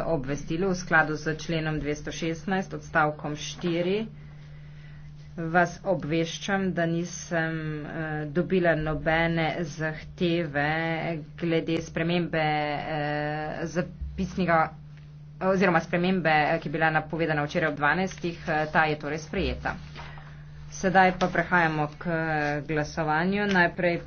obvestilu v skladu z členom 216 odstavkom 4 vas obveščam, da nisem eh, dobila nobene zahteve glede spremembe eh, zapisnega oziroma spremembe, eh, ki je bila napovedana včeraj ob 12. Eh, ta je torej sprejeta. Sedaj pa prehajamo k eh, glasovanju. Najprej